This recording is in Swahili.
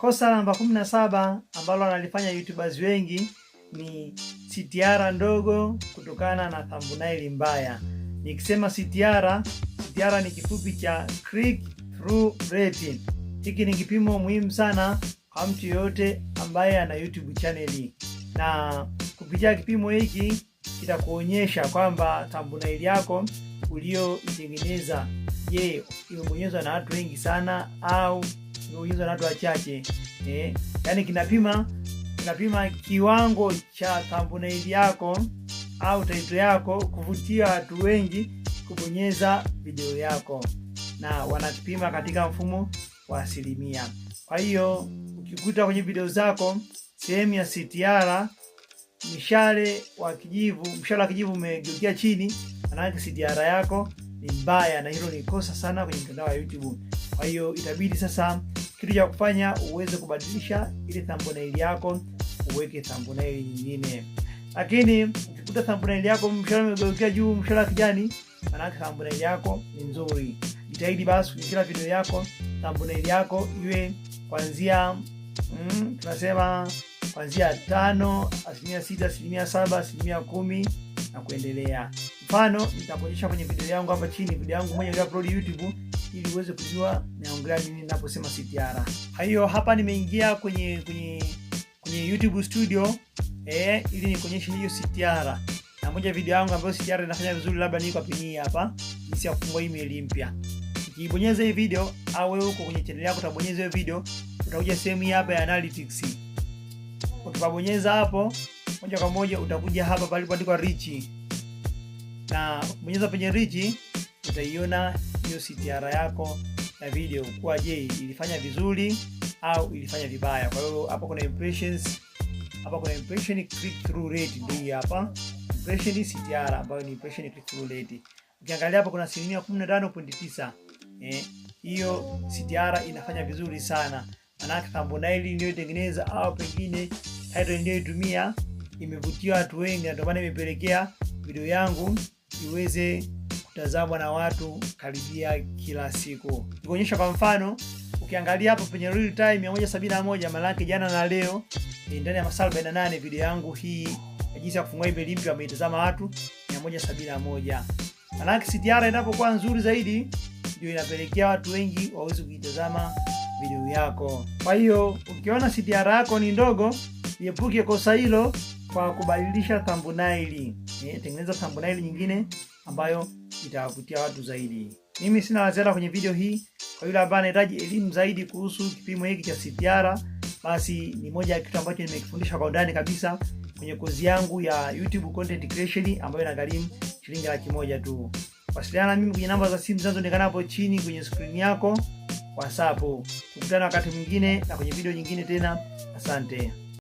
Kosa namba kumi na saba ambalo analifanya youtubers wengi ni CTR ndogo kutokana na thumbnail mbaya. Nikisema CTR, CTR ni kifupi cha click through rate. Hiki ni kipimo muhimu sana kwa mtu yoyote ambaye ana YouTube channel, na kupitia kipimo hiki kitakuonyesha kwamba thumbnail yako uliyoitengeneza, je, imebonyezwa na watu wengi sana au hizo na watu wachache eh, yani kinapima kinapima kiwango cha thumbnail yako au title yako kuvutia watu wengi kubonyeza video yako, na wanapima katika mfumo wa asilimia. Kwa hiyo ukikuta kwenye video zako sehemu ya CTR mshale wa kijivu, mshale wa kijivu umegeukia chini, maanake CTR yako ni mbaya, na hilo ni kosa sana kwenye mtandao wa YouTube. Kwa hiyo itabidi sasa kitu cha kufanya uweze kubadilisha ile thumbnail yako uweke thumbnail nyingine. Lakini ukikuta thumbnail yako mshale umegeukia juu, mshale kijani, maana thumbnail yako ni nzuri. Jitahidi basi kwenye kila video yako thumbnail yako iwe kuanzia mm, tunasema kuanzia tano, asilimia sita, asilimia saba, asilimia kumi na kuendelea. Mfano nitakuonyesha kwenye video yangu hapa chini, video yangu moja ya upload YouTube ili uweze kujua naongelea nini ninaposema CTR. Kwa hiyo hapa nimeingia kwenye kwenye kwenye YouTube Studio eh, ili nikuonyeshe hiyo CTR na moja video yangu ambayo CTR inafanya vizuri, labda ni kwa ni hapa, jinsi ya kufungua email mpya. Ukibonyeza hii video au wewe uko kwenye channel yako utabonyeza hii video, utakuja sehemu hii hapa ya analytics. Ukibonyeza hapo moja kwa moja utakuja hapa palipoandikwa reach, na bonyeza penye reach utaiona hiyo CTR yako ya video kuwa je, ilifanya vizuri au ilifanya vibaya. Kwa hiyo hapa kuna impressions, hapa kuna impression click through rate, ndio hapa impression CTR ambayo ni impression click through rate. Ukiangalia hapa kuna asilimia 15.9 eh, hiyo CTR inafanya vizuri sana, maana thumbnail iliyotengeneza au pengine title niliyoitumia imevutia watu wengi, ndio maana imepelekea video yangu iweze kutazamwa na watu karibia kila siku. Nikuonyesha kwa mfano, ukiangalia hapo penye real time 171 malaki jana na leo ndani ya masaa 48 video yangu hii ya jinsi ya kufungua email mpya wameitazama watu 171. Malaki CTR inapokuwa nzuri zaidi ndio inapelekea watu wengi waweze kuitazama video yako. Kwa hiyo ukiona CTR yako ni ndogo, iepuke kosa hilo kwa kubadilisha thumbnaili Eh, tengeneza thumbnaili nyingine ambayo itawavutia watu zaidi. Mimi sina la ziada kwenye video hii. Kwa yule ambaye anahitaji elimu zaidi kuhusu kipimo hiki cha CTR, basi ni moja ya kitu ambacho nimekifundisha kwa undani kabisa kwenye kozi yangu ya YouTube content creation ambayo inagharimu shilingi laki moja tu. Wasiliana na mimi kwenye namba za simu zinazoonekana hapo chini kwenye skrini yako WhatsApp. Tukutane wakati mwingine na kwenye video nyingine tena. Asante.